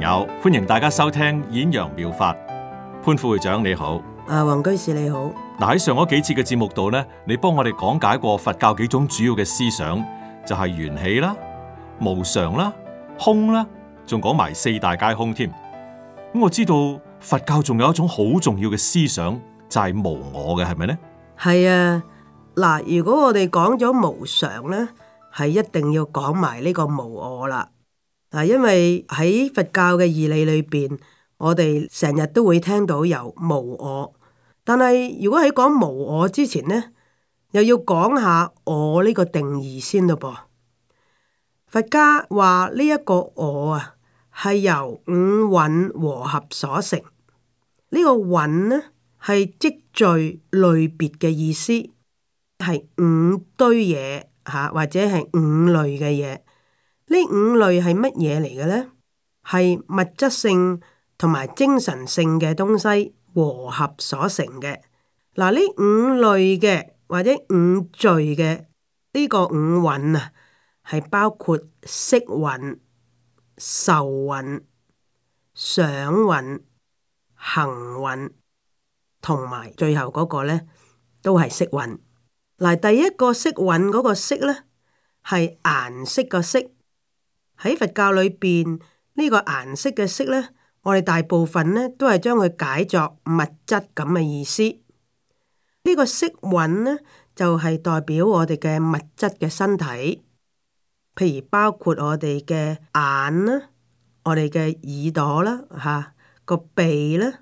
有歡迎大家收聽《演揚妙，妙法》，潘副會長你好，阿黃、啊、居士你好。嗱，喺上嗰幾次嘅節目度咧，你幫我哋講解過佛教幾種主要嘅思想，就係緣起啦、無常啦、空啦，仲講埋四大皆空添。咁我知道佛教仲有一種好重要嘅思想就係、是、無我嘅，係咪咧？係啊，嗱，如果我哋講咗無常咧，係一定要講埋呢個無我啦。嗱，因為喺佛教嘅義理裏邊，我哋成日都會聽到有「無我」。但係如果喺講無我之前呢，又要講下我呢個定義先嘞噃。佛家話呢一個我啊，係由五蘊和合所成。呢個蘊呢，係積聚類別嘅意思，係五堆嘢吓，或者係五類嘅嘢。呢五類係乜嘢嚟嘅呢？係物質性同埋精神性嘅東西和合所成嘅。嗱，呢五類嘅或者五聚嘅呢個五蘊啊，係包括色蘊、受蘊、想蘊、行蘊同埋最後嗰個呢，都係識蘊。嗱，第一個色蘊嗰個色呢，係顏色個色。喺佛教裏邊，呢、這個顏色嘅色呢，我哋大部分呢都係將佢解作物質咁嘅意思。呢、這個色蘊呢，就係、是、代表我哋嘅物質嘅身體，譬如包括我哋嘅眼啦，我哋嘅耳朵啦，吓個鼻啦，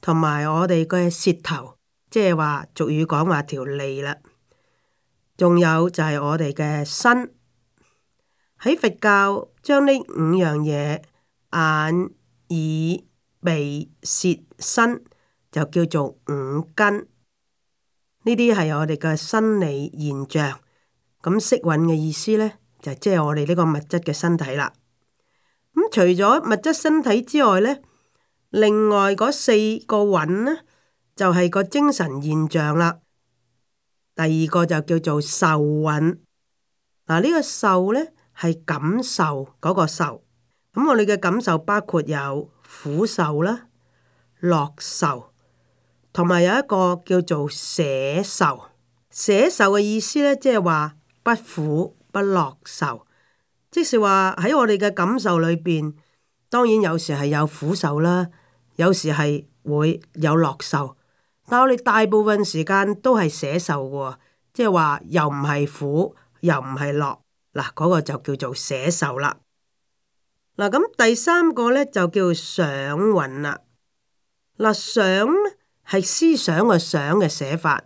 同埋我哋嘅舌頭，即係話俗語講話條脷啦，仲有就係我哋嘅身。喺佛教，將呢五樣嘢眼、耳、鼻、舌、身，就叫做五根。呢啲係我哋嘅生理現象。咁色蘊嘅意思呢，就係即係我哋呢個物質嘅身體啦。咁除咗物質身體之外呢，另外嗰四個蘊呢，就係個精神現象啦。第二個就叫做受蘊。嗱，呢個受呢。係感受嗰個受，咁我哋嘅感受包括有苦受啦、樂受，同埋有一個叫做捨受。捨受嘅意思呢，即係話不苦不樂受，即是話喺我哋嘅感受裏邊，當然有時係有苦受啦，有時係會有樂受，但我哋大部分時間都係捨受嘅喎，即係話又唔係苦，又唔係樂。嗱，嗰個就叫做寫受啦。嗱，咁第三個咧就叫做想蘊啦。嗱，想咧係思想嘅想嘅寫法，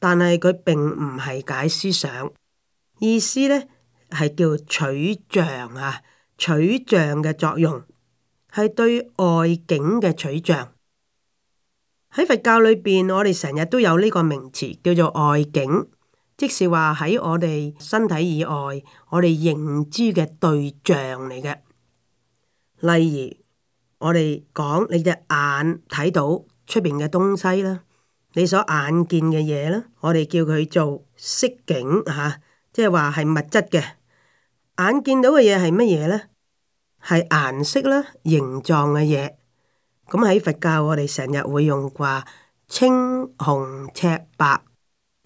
但係佢並唔係解思想，意思咧係叫取象啊，取象嘅作用係對外境嘅取象。喺佛教裏邊，我哋成日都有呢個名詞叫做外境。即是話喺我哋身體以外，我哋認知嘅對象嚟嘅。例如，我哋講你隻眼睇到出邊嘅東西啦，你所眼見嘅嘢啦，我哋叫佢做色境吓，即係話係物質嘅。眼見到嘅嘢係乜嘢呢？係顏色啦、形狀嘅嘢。咁喺佛教，我哋成日會用話青紅赤白，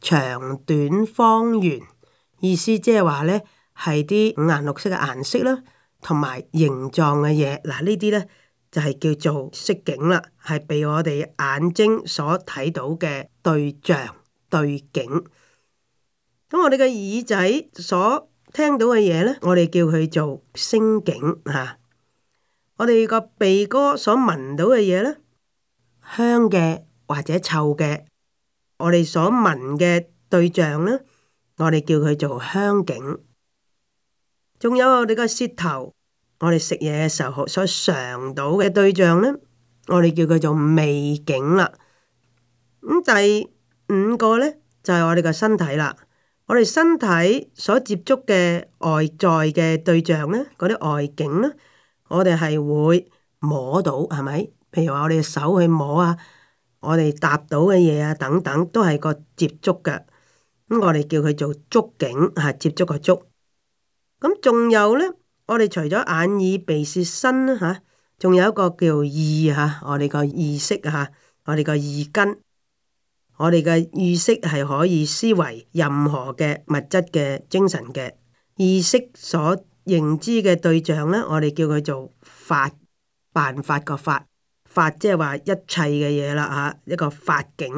長短方圓，意思即係話呢係啲五顏六色嘅顏色啦，同埋形狀嘅嘢。嗱，呢啲呢就係叫做色境啦，係被我哋眼睛所睇到嘅對象、對境。咁我哋嘅耳仔所聽到嘅嘢呢，我哋叫佢做聲境嚇、啊。我哋個鼻哥所聞到嘅嘢呢，香嘅或者臭嘅。我哋所聞嘅對象呢，我哋叫佢做香景。仲有我哋個舌頭，我哋食嘢嘅時候所嘗到嘅對象呢，我哋叫佢做味景啦。咁第五個呢，就係我哋個身體啦，我哋身體所接觸嘅外在嘅對象呢，嗰啲外景呢，我哋係會摸到，係咪？譬如話我哋嘅手去摸啊。我哋搭到嘅嘢啊，等等都係個接觸嘅。咁我哋叫佢做觸境，吓、啊、接觸個觸。咁仲有呢，我哋除咗眼耳鼻舌身啦吓，仲、啊、有一個叫意吓、啊，我哋個意識吓，我哋個意根。我哋嘅意識係可以思維任何嘅物質嘅、精神嘅意識所認知嘅對象呢，我哋叫佢做法，辦法個法。法即係話一切嘅嘢啦吓，一個法境。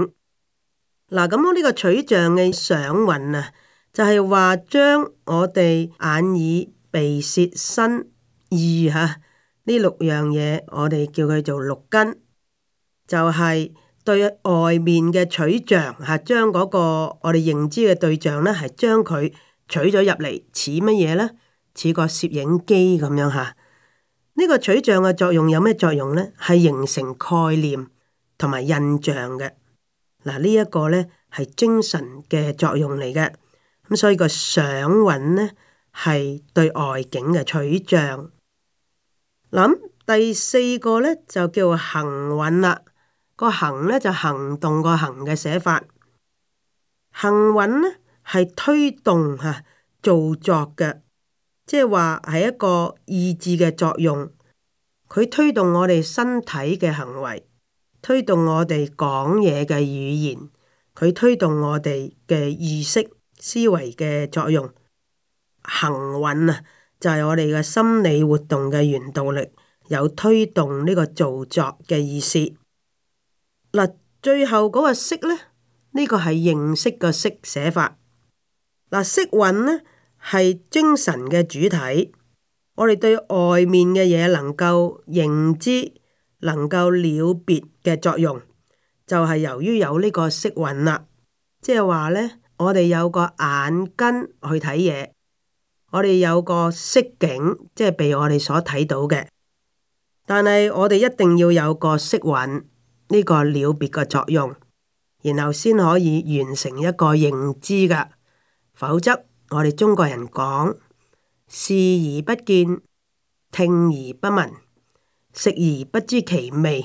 嗱，咁、這、呢個取像嘅上運啊，就係、是、話將我哋眼耳鼻舌身意吓呢六樣嘢，我哋叫佢做六根，就係、是、對外面嘅取像。吓，將嗰個我哋認知嘅對象呢，係將佢取咗入嚟，似乜嘢呢？似個攝影機咁樣吓。呢個取象嘅作用有咩作用呢？係形成概念同埋印象嘅。嗱，呢一個呢係精神嘅作用嚟嘅。咁所以個想蘊呢係對外境嘅取象。諗第四個呢就叫行蘊啦。個行呢就行動個行嘅寫法。行蘊呢係推動嚇做作嘅。即係話係一個意志嘅作用，佢推動我哋身體嘅行為，推動我哋講嘢嘅語言，佢推動我哋嘅意識思維嘅作用。行蘊啊，就係、是、我哋嘅心理活動嘅原動力，有推動呢個造作嘅意思。嗱，最後嗰個識呢，呢、這個係認識嘅識寫法。嗱，識蘊呢，係精神嘅主體，我哋對外面嘅嘢能夠認知、能夠了別嘅作用，就係、是、由於有呢個色蘊啦。即係話呢，我哋有個眼根去睇嘢，我哋有個色境，即係被我哋所睇到嘅。但係我哋一定要有個色蘊呢、這個了別嘅作用，然後先可以完成一個認知噶，否則。我哋中國人講，視而不見，聽而不聞，食而不知其味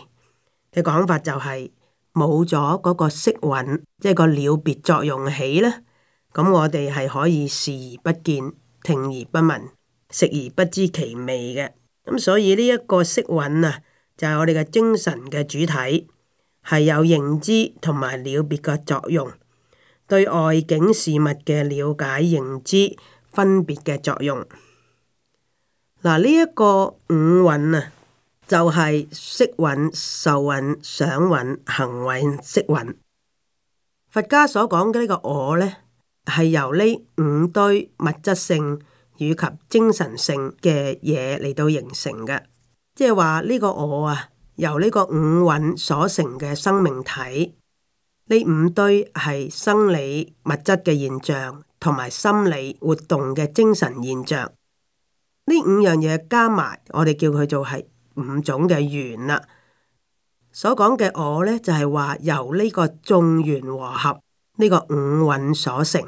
嘅講法就係冇咗嗰個識蘊，即係個了別作用起咧。咁我哋係可以視而不見，聽而不聞，食而不知其味嘅。咁所以呢一個識蘊啊，就係、是、我哋嘅精神嘅主體，係有認知同埋了別嘅作用。對外境事物嘅了解、認知、分別嘅作用。嗱，呢一個五蘊啊，就係色蘊、受蘊、想蘊、行蘊、識蘊。佛家所講嘅呢個我呢，係由呢五堆物質性以及精神性嘅嘢嚟到形成嘅。即係話呢個我啊，由呢個五蘊所成嘅生命體。呢五堆係生理物質嘅現象，同埋心理活動嘅精神現象。呢五樣嘢加埋，我哋叫佢做係五種嘅緣啦。所講嘅我呢，就係話由呢個眾緣和合呢個五蘊所成。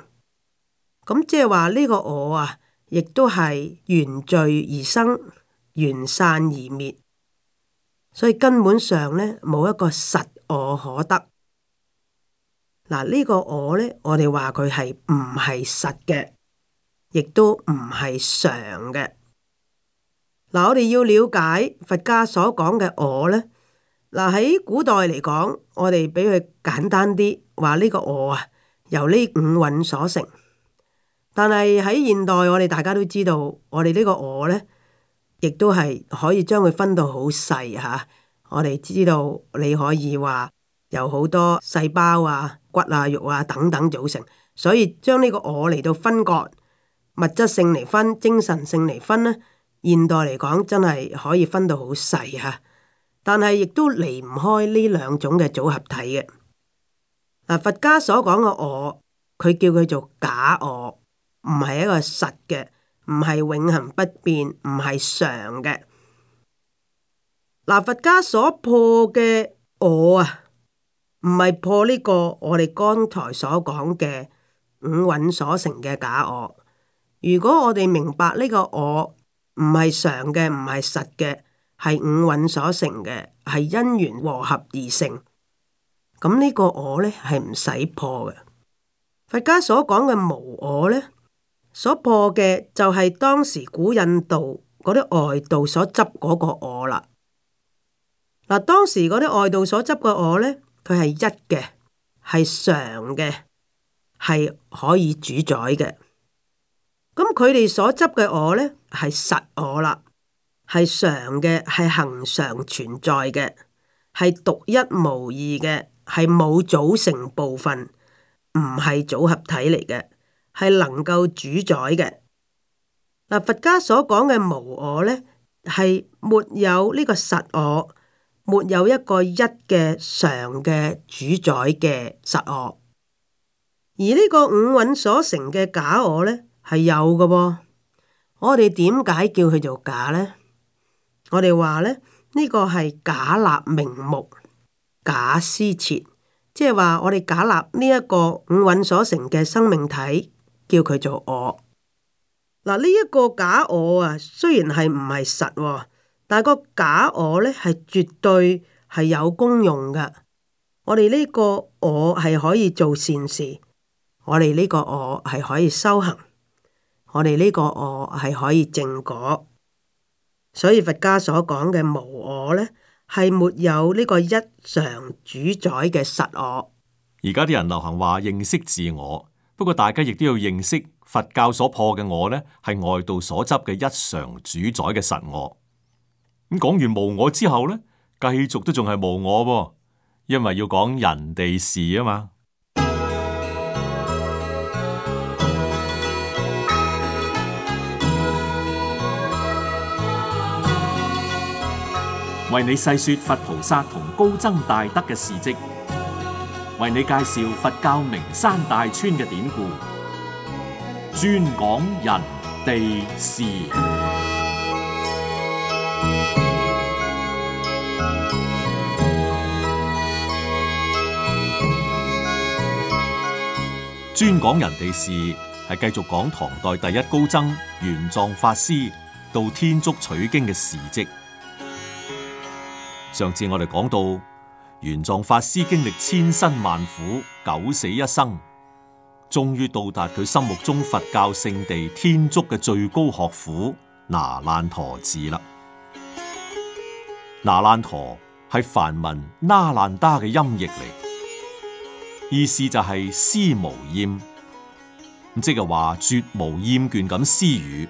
咁即係話呢個我啊，亦都係緣聚而生，緣散而滅。所以根本上呢，冇一個實我可得。嗱，呢個我呢，我哋話佢係唔係實嘅，亦都唔係常嘅。嗱，我哋要了解佛家所講嘅我呢。嗱，喺古代嚟講，我哋俾佢簡單啲，話呢個我啊，由呢五蘊所成。但係喺現代，我哋大家都知道，我哋呢個我呢，亦都係可以將佢分到好細吓。我哋知道你可以話有好多細胞啊。骨啊、肉啊等等組成，所以將呢個我嚟到分割物質性嚟分、精神性嚟分呢？現代嚟講真係可以分到好細吓，但係亦都離唔開呢兩種嘅組合體嘅。嗱，佛家所講嘅我，佢叫佢做假我，唔係一個實嘅，唔係永恆不變，唔係常嘅。嗱，佛家所破嘅我啊～唔係破呢個，我哋剛才所講嘅五蘊所成嘅假我。如果我哋明白呢個我唔係常嘅，唔係實嘅，係五蘊所成嘅，係因緣和合而成。咁呢個我呢，係唔使破嘅。佛家所講嘅無我呢，所破嘅就係當時古印度嗰啲外道所執嗰個我啦。嗱，當時嗰啲外道所執嘅我呢。佢係一嘅，係常嘅，係可以主宰嘅。咁佢哋所執嘅我呢，係實我啦，係常嘅，係恒常存在嘅，係獨一無二嘅，係冇組成部分，唔係組合體嚟嘅，係能夠主宰嘅。嗱，佛家所講嘅無我呢，係沒有呢個實我。沒有一個一嘅常嘅主宰嘅實我，而呢個五蘊所成嘅假我呢，係有嘅噃。我哋點解叫佢做假呢？我哋話呢，呢、呢個係假立名目、假施設，即係話我哋假立呢一個五蘊所成嘅生命體，叫佢做我。嗱，呢一個假我啊，雖然係唔係實。但係個假我咧，係絕對係有功用嘅。我哋呢個我係可以做善事，我哋呢個我係可以修行，我哋呢個我係可以證果。所以佛家所講嘅無我咧，係沒有呢個一常主宰嘅實我。而家啲人流行話認識自我，不過大家亦都要認識佛教所破嘅我咧，係外道所執嘅一常主宰嘅實我。講完無我之後咧，繼續都仲係無我噃，因為要講人哋事啊嘛。為你細說佛菩薩同高僧大德嘅事迹，為你介紹佛教名山大川嘅典故，專講人哋事。專講人哋事，係繼續講唐代第一高僧玄奘法師到天竺取經嘅事跡。上次我哋講到，玄奘法師經歷千辛萬苦、九死一生，終於到達佢心目中佛教聖地天竺嘅最高學府那爛陀寺啦。那爛陀係梵文那爛達嘅音譯嚟。意思就係思無厭，即係話絕無厭倦咁思語。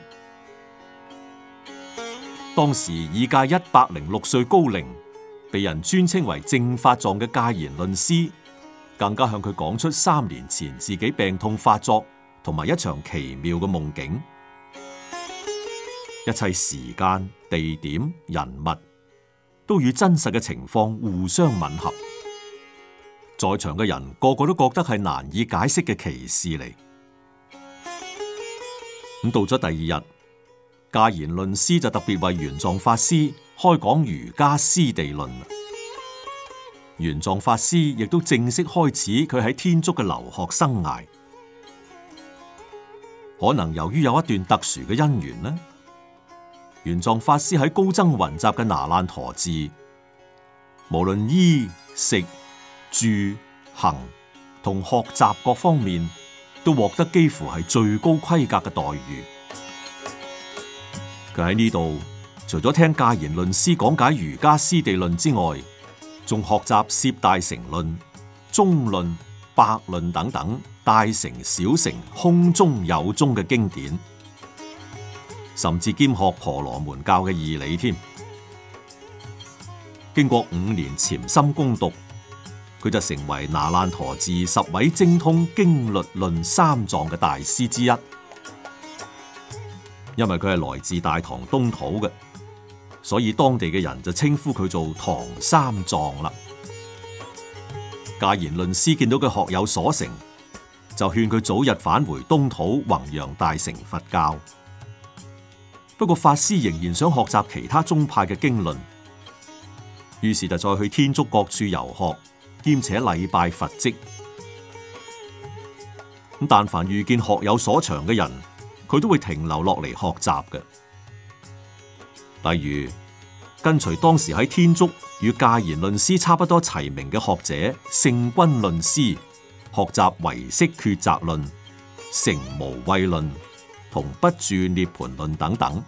當時已屆一百零六歲高齡，被人尊稱為正法狀嘅戒言論師，更加向佢講出三年前自己病痛發作同埋一場奇妙嘅夢境，一切時間、地點、人物都與真實嘅情況互相吻合。在場嘅人個個都覺得係難以解釋嘅奇事嚟。咁到咗第二日，戒言論師就特別為玄奘法師開講瑜伽師地論。玄奘法師亦都正式開始佢喺天竺嘅留學生涯。可能由於有一段特殊嘅因緣呢，玄奘法師喺高僧雲集嘅那爛陀寺，無論衣食。住行同學習各方面都獲得幾乎係最高規格嘅待遇。佢喺呢度除咗聽賢論師講解瑜伽師地論之外，仲學習攝大乘論、中論、百論等等大乘小乘空中有宗嘅經典，甚至兼學婆羅門教嘅義理添。經過五年潛心攻讀。佢就成為那爛陀寺十位精通經律論三藏嘅大師之一，因為佢係來自大唐東土嘅，所以當地嘅人就稱呼佢做唐三藏啦。戒賢論師見到佢學有所成，就勸佢早日返回東土弘揚大乘佛教。不過法師仍然想學習其他宗派嘅經論，於是就再去天竺各處遊學。兼且禮拜佛迹，但凡遇見學有所長嘅人，佢都會停留落嚟學習嘅。例如跟隨當時喺天竺與戒賢論師差不多齊名嘅學者聖君論師，學習唯識抉擇論、成無畏論同不住涅槃論等等。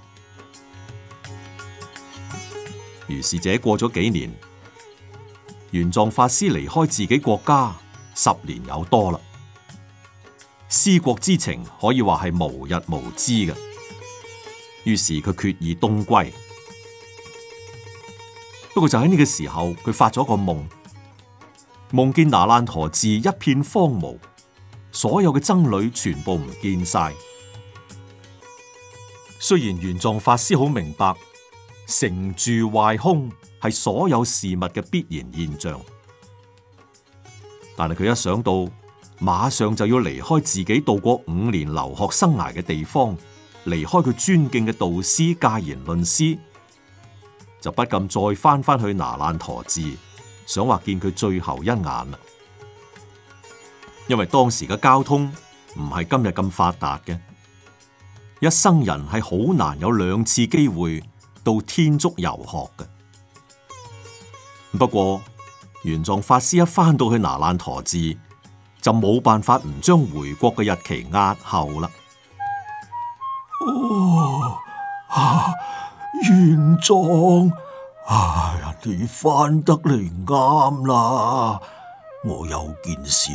於是者過咗幾年。玄奘法師離開自己國家十年有多啦，思國之情可以話係無日無之嘅。於是佢決意東歸，不過就喺呢個時候，佢發咗個夢，夢見那爛陀寺一片荒蕪，所有嘅僧侶全部唔見晒。雖然玄奘法師好明白，成住壞空。係所有事物嘅必然現象，但係佢一想到馬上就要離開自己度過五年留學生涯嘅地方，離開佢尊敬嘅導師，戒賢論師，就不禁再返返去那爛陀寺，想話見佢最後一眼。因為當時嘅交通唔係今日咁發達嘅，一生人係好難有兩次機會到天竺遊學嘅。不過，玄奘法師一翻到去拿爛陀寺，就冇辦法唔將回國嘅日期押後啦。哦，啊，玄奘，哎、啊、呀，你翻得嚟啱啦！我有件事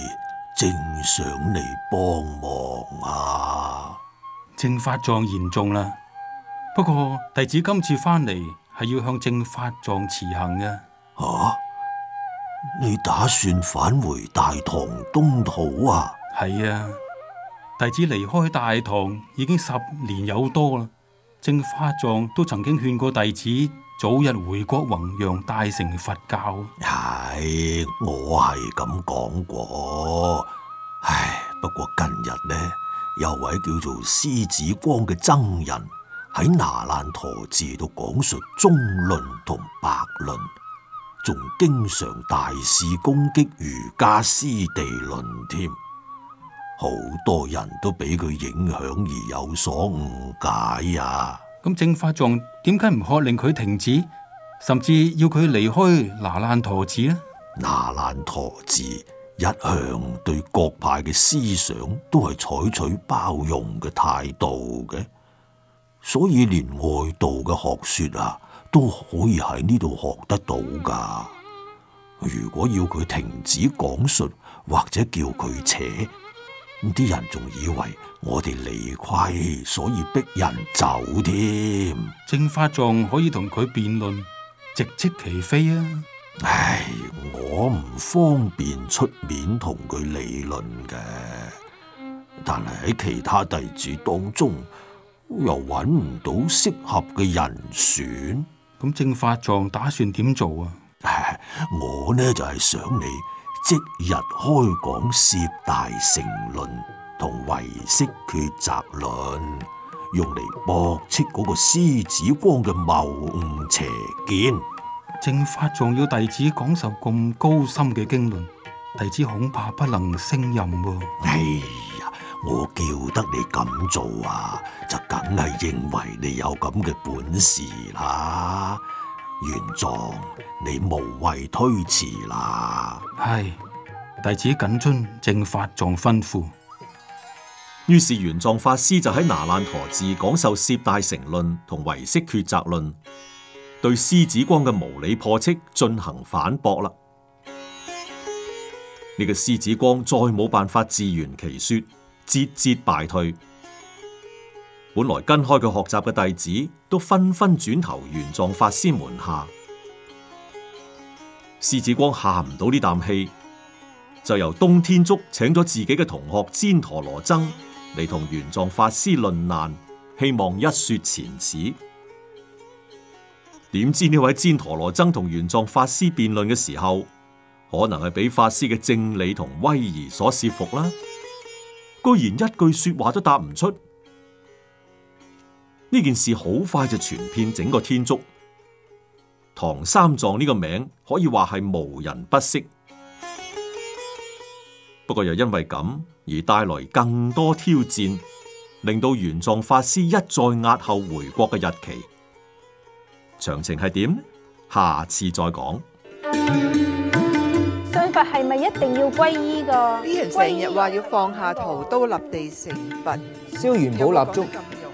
正想你幫忙啊。正法藏，言重啦。不過弟子今次翻嚟係要向正法藏辭行嘅。啊！你打算返回大唐東土啊？係啊，弟子離開大唐已經十年有多啦。正法藏都曾經勸過弟子早日回國弘揚大乘佛教。係，我係咁講過。唉，不過近日呢，有位叫做獅子光嘅僧人喺那爛陀寺度講述中論同百論。仲經常大肆攻擊瑜伽師、瑜伽師地論添，好多人都俾佢影響而有所誤解啊！咁正法藏點解唔喝令佢停止，甚至要佢離開那爛陀寺呢？那爛陀寺一向對各派嘅思想都係採取包容嘅態度嘅，所以連外道嘅學說啊～都可以喺呢度學得到㗎。如果要佢停止講述，或者叫佢扯，啲人仲以為我哋理虧，所以逼人走添。正法狀可以同佢辯論，直斥其非啊！唉，我唔方便出面同佢理論嘅，但係喺其他弟子當中又揾唔到適合嘅人選。咁正法藏打算點做啊？我呢就係、是、想你即日開講《攝大乘論》同《唯識抉擇論》，用嚟駁斥嗰個獅子光嘅謬誤邪見。正法藏要弟子講授咁高深嘅經論，弟子恐怕不能勝任喎、啊。唉。我叫得你咁做啊，就梗係認為你有咁嘅本事啦。玄奘，你無謂推辭啦。係，弟子謹遵正法藏吩咐。於是玄奘法師就喺拿爛陀寺講授攝大乘論同唯識抉擇論，對獅子光嘅無理破斥進行反駁啦。呢、這個獅子光再冇辦法自圓其說。節節敗退，本來跟開佢學習嘅弟子都紛紛轉投玄奘法師門下。獅子光下唔到呢啖氣，就由東天竺請咗自己嘅同學旃陀羅僧嚟同玄奘法師論難，希望一雪前恥。點知呢位旃陀羅僧同玄奘法師辯論嘅時候，可能係俾法師嘅正理同威儀所懾服啦。居然一句說話都答唔出，呢件事好快就傳遍整個天竺。唐三藏呢個名可以話係無人不識，不過又因為咁而帶來更多挑戰，令到玄奘法師一再押後回國嘅日期。詳情係點？下次再講。係咪一定要皈依噶？啲人成日話要放下屠刀立地成佛，燒元寶蠟燭、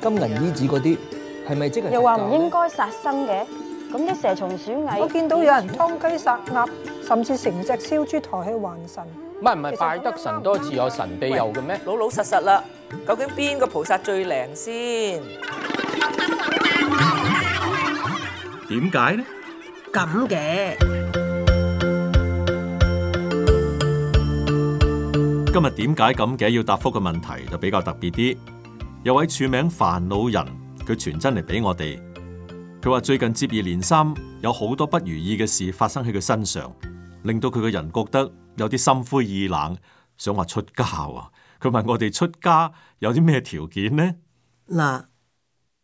金銀衣紙嗰啲，係咪即係？又話唔應該殺生嘅，咁啲蛇蟲鼠蟻，我見到有人劏雞殺鴨，甚至成隻燒豬抬去還神。唔係唔係，拜得神多自有神庇佑嘅咩？老老實實啦，究竟邊個菩薩最靈先？點解呢？咁嘅。今日點解咁嘅要答覆嘅問題就比較特別啲。有位署名煩惱人，佢傳真嚟俾我哋。佢話最近接二連三有好多不如意嘅事發生喺佢身上，令到佢個人覺得有啲心灰意冷，想話出家啊！佢問我哋出家有啲咩條件呢？嗱，阿、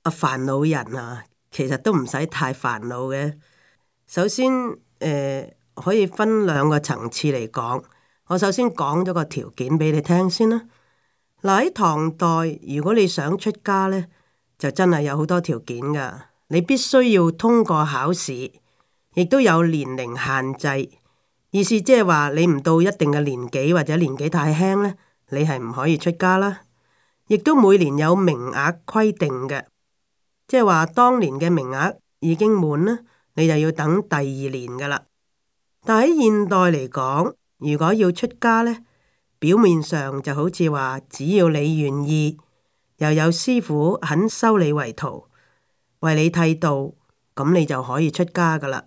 啊、煩惱人啊，其實都唔使太煩惱嘅。首先，誒、呃，可以分兩個層次嚟講。我首先講咗個條件俾你聽先啦。嗱，喺唐代，如果你想出家呢，就真係有好多條件噶。你必須要通過考試，亦都有年齡限制，意思即係話你唔到一定嘅年紀或者年紀太輕呢，你係唔可以出家啦。亦都每年有名額規定嘅，即係話當年嘅名額已經滿啦，你就要等第二年噶啦。但喺現代嚟講，如果要出家呢，表面上就好似話，只要你願意，又有師傅肯收你為徒，為你剃度，咁你就可以出家噶啦。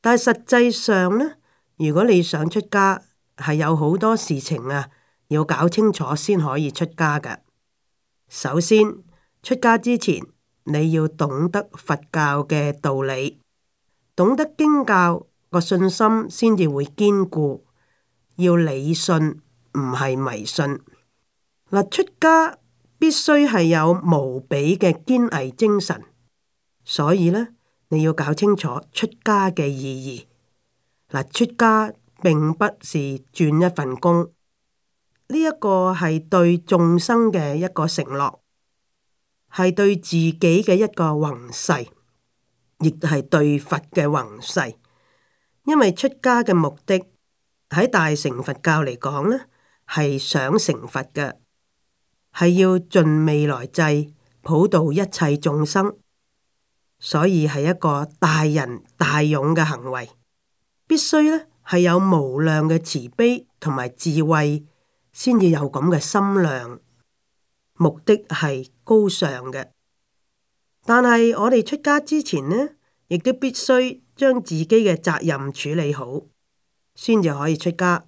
但係實際上呢，如果你想出家，係有好多事情啊，要搞清楚先可以出家噶。首先，出家之前你要懂得佛教嘅道理，懂得經教，個信心先至會堅固。要理信，唔係迷信。嗱，出家必須係有無比嘅堅毅精神，所以咧你要搞清楚出家嘅意義。嗱，出家並不是轉一份工，呢一個係對眾生嘅一個承諾，係對自己嘅一個宏誓，亦係對佛嘅宏誓。因為出家嘅目的。喺大乘佛教嚟講呢係想成佛嘅，係要盡未來際普渡一切眾生，所以係一個大仁大勇嘅行為，必須呢係有無量嘅慈悲同埋智慧，先至有咁嘅心量。目的係高尚嘅，但係我哋出家之前呢，亦都必須將自己嘅責任處理好。先至可以出家。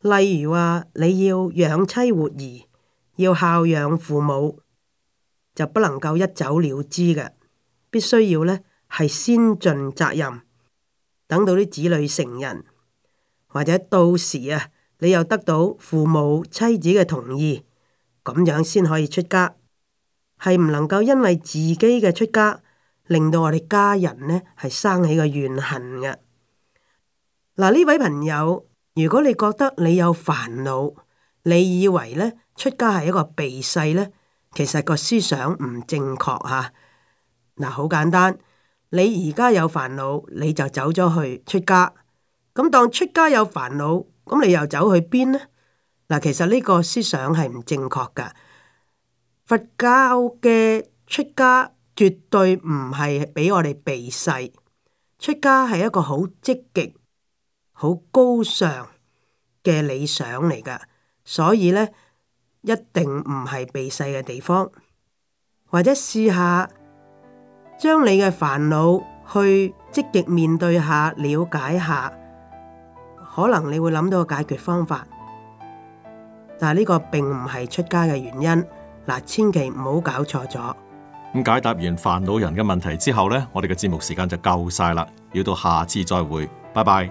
例如話、啊，你要養妻活兒，要孝養父母，就不能夠一走了之嘅。必須要呢係先盡責任，等到啲子女成人，或者到時啊，你又得到父母、妻子嘅同意，咁樣先可以出家。係唔能夠因為自己嘅出家，令到我哋家人呢係生起個怨恨嘅。嗱，呢位朋友，如果你覺得你有煩惱，你以為咧出家係一個避世咧，其實個思想唔正確嚇。嗱、啊，好簡單，你而家有煩惱，你就走咗去出家。咁當出家有煩惱，咁你又走去邊呢？嗱、啊，其實呢個思想係唔正確噶。佛教嘅出家絕對唔係俾我哋避世，出家係一個好積極，好高尚嘅理想嚟噶，所以呢，一定唔係避世嘅地方，或者試下將你嘅煩惱去積極面對下，了解下，可能你會諗到個解決方法。但係呢個並唔係出家嘅原因，嗱，千祈唔好搞錯咗。咁解答完煩惱人嘅問題之後呢，我哋嘅節目時間就夠晒啦，要到下次再會，拜拜。